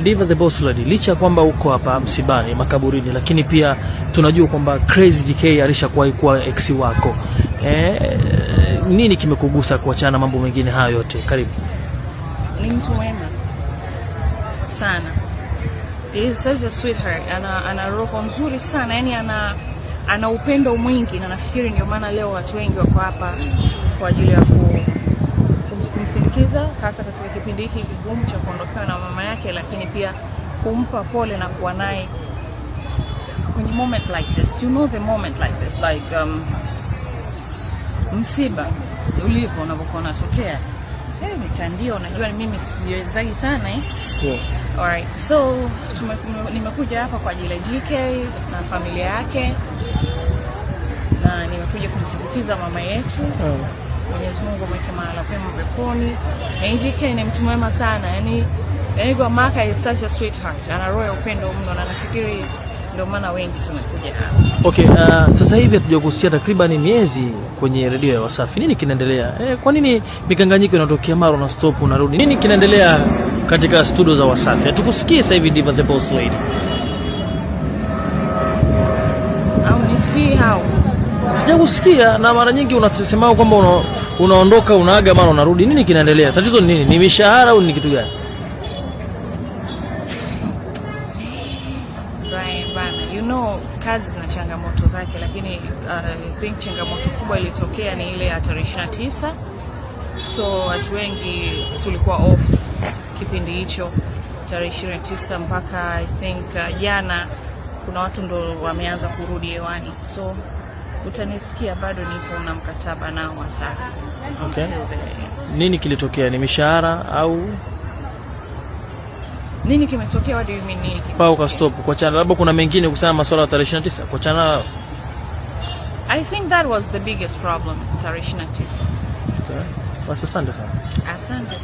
Diva the Boss Lady, licha ya kwamba uko hapa msibani makaburini, lakini pia tunajua kwamba Crazy JK alishakuwahi kuwa ex wako. E, nini kimekugusa kuachana mambo mengine hayo yote? Karibu. Ni mtu mwema sana, is such a sweetheart. Ana, ana roho nzuri sana yani, ana, ana upendo mwingi na nafikiri ndio maana leo watu wengi wako hapa kwa ajili ya hasa katika kipindi hiki kigumu cha kuondokewa na mama yake, lakini pia kumpa pole na kuwa naye kwenye moment like this, you know the moment like this like um, msiba ulivyo unavyokuwa unatokea mitandio. Unajua mimi siwezagi sana eh? yeah. right. so nimekuja hapa kwa ajili ya JK na familia yake na nimekuja kumsindikiza mama yetu yeah. Oh. Mwenyezi Mungu mweke mahala pema peponi. NGK ni mtu mwema sana, yani yani kwa Maka is such a sweetheart. Ana roho ya upendo mno na nafikiri ndio maana wengi tumekuja hapa. Okay, uh, sasa hivi hatujagusia takriban miezi kwenye redio ya Wasafi. Nini kinaendelea? Eh, kwa nini mikanganyiko inatokea mara na stop unarudi? Nini kinaendelea katika studio za Wasafi? Tukusikie sasa hivi Diva the Boss Lady. Au nisikii hao sijakusikia, na mara nyingi unasema kwamba una, unaondoka unaaga mara unarudi. Nini kinaendelea? Tatizo ni nini? Ni mishahara au ni kitu gani? kazi zina changamoto zake, lakini uh, think changamoto kubwa ilitokea ni ile ya tarehe 29, so watu wengi tulikuwa off kipindi hicho tarehe 29 mpaka I think uh, jana, uh, kuna watu ndo wameanza kurudi hewani so utanisikia bado nipo na mkataba nao wa Okay. Yes. Nini kilitokea? Ni mishahara au nini kimetokea? What do you mean nini kimetokea? Pau ka stop kwa chana, labda kuna mengine kusana masuala ya tarehe 29 kwa chana. I think that was the biggest problem tarehe 29. Okay. Basi asante sana. Asante sana.